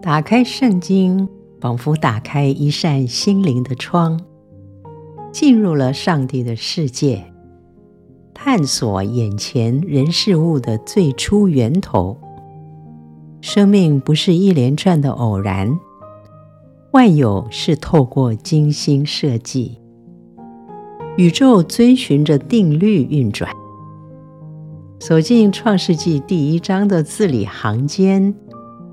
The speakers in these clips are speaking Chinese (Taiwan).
打開聖經，仿佛打開一扇心靈的窗，進入了上帝的世界，探索眼前人事物的最初源頭。生命不是一連串的偶然，萬有是透過精心設計，宇宙遵循着定律運轉。走進《創世紀》第一章的字裡行間。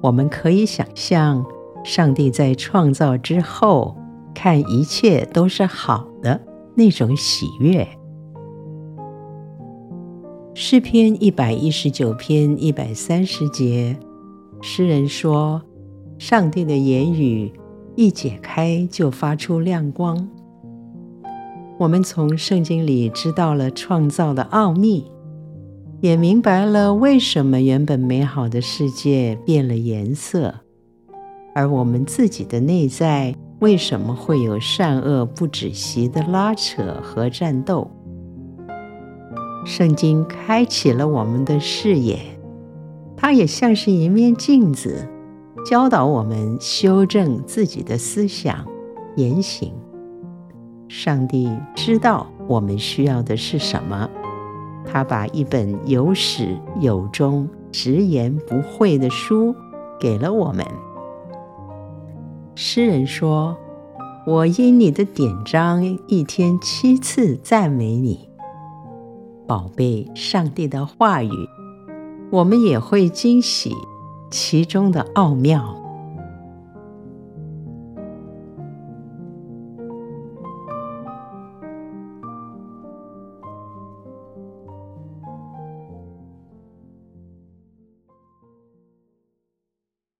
我們可以想象，上帝在創造之後，看一切都是好的那種喜悅。詩篇一百一十九篇一百三十節，詩人說：“上帝的言語一解開，就發出亮光。”我們從聖經裡知道了創造的奧秘。也明白了為什麼原本美好的世界變了顏色，而我們自己的內在為什麼會有善惡不止息的拉扯和戰鬥。聖經開啟了我們的視野，它也像是一面鏡子，教導我們修正自己的思想、言行。上帝知道我們需要的是什麼。他把一本有始有終、直言不諱的書給了我們。詩人說：“我因你的典章，一天七次讚美你。”寶貝上帝的話語，我們也會驚喜其中的奧妙。